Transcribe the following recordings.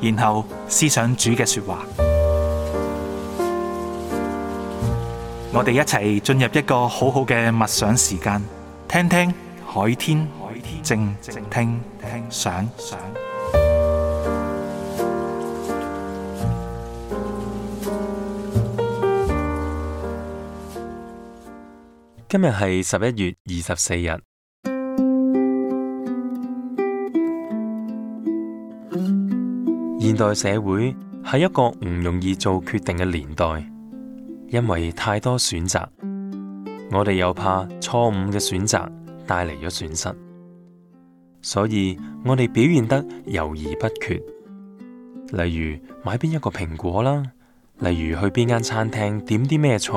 然後思想主嘅說話，我哋一齊進入一個好好嘅默想時間，聽聽海天靜聽想。今日係十一月二十四日。現代社會係一個唔容易做決定嘅年代，因為太多選擇，我哋又怕錯誤嘅選擇帶嚟咗損失，所以我哋表現得猶豫不決。例如買邊一個蘋果啦，例如去邊間餐廳點啲咩菜，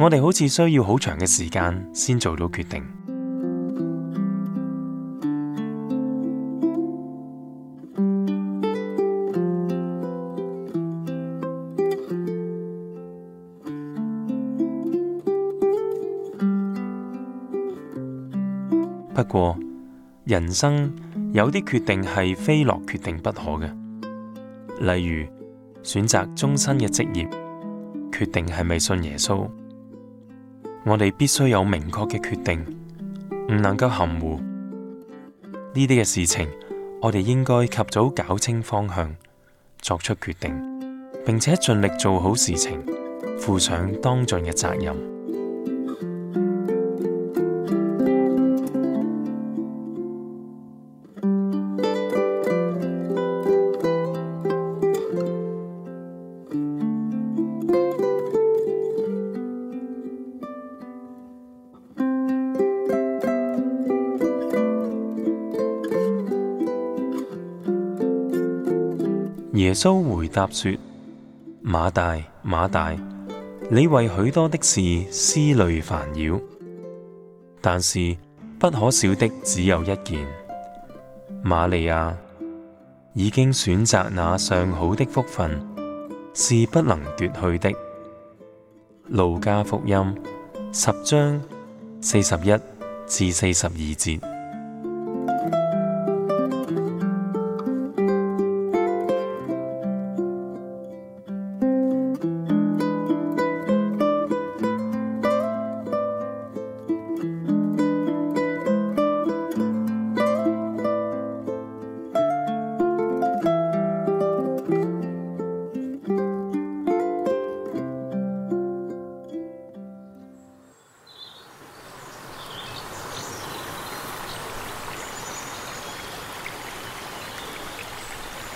我哋好似需要好長嘅時間先做到決定。不過，人生有啲決定係非落決定不可嘅，例如選擇終身嘅職業，決定係咪信耶穌。我哋必須有明確嘅決定，唔能夠含糊。呢啲嘅事情，我哋應該及早搞清方向，作出決定，並且盡力做好事情，負上當盡嘅責任。耶穌回答說：馬大，馬大，你為許多的事思慮煩擾；但是不可少的只有一件。瑪利亞已經選擇那上好的福分，是不能奪去的。路加福音十章四十一至四十二節。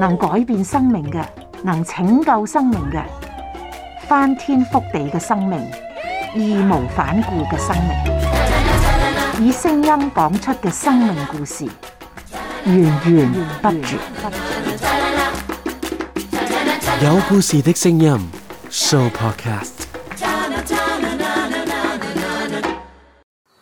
能改變生命嘅，能拯救生命嘅，翻天覆地嘅生命，義無反顧嘅生命，以聲音講出嘅生命故事，源源不絕。有故事的聲音，Sooo Podcast。